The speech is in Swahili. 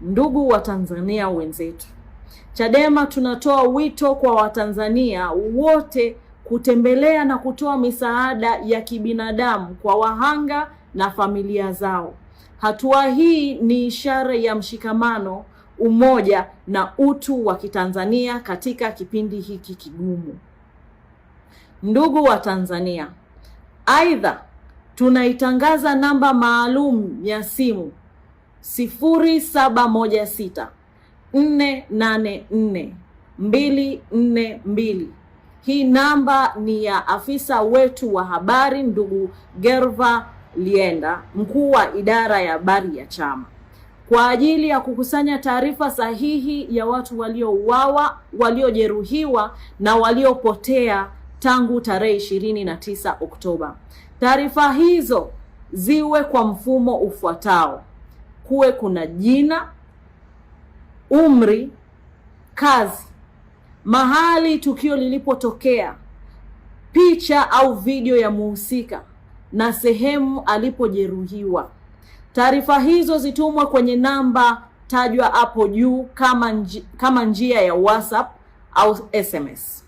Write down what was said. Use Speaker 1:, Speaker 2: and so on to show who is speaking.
Speaker 1: Ndugu wa Tanzania wenzetu, Chadema tunatoa wito kwa Watanzania wote kutembelea na kutoa misaada ya kibinadamu kwa wahanga na familia zao. Hatua hii ni ishara ya mshikamano, umoja na utu wa Kitanzania katika kipindi hiki kigumu. Ndugu wa Tanzania, aidha tunaitangaza namba maalum ya simu 0716 Hii namba ni ya afisa wetu wa habari ndugu Gerva Lienda, mkuu wa idara ya habari ya chama kwa ajili ya kukusanya taarifa sahihi ya watu waliouawa, waliojeruhiwa na waliopotea tangu tarehe 29 Oktoba. Taarifa hizo ziwe kwa mfumo ufuatao kuwe kuna jina, umri, kazi, mahali tukio lilipotokea, picha au video ya muhusika na sehemu alipojeruhiwa. Taarifa hizo zitumwe kwenye namba tajwa hapo juu kama, nji, kama njia ya WhatsApp au SMS.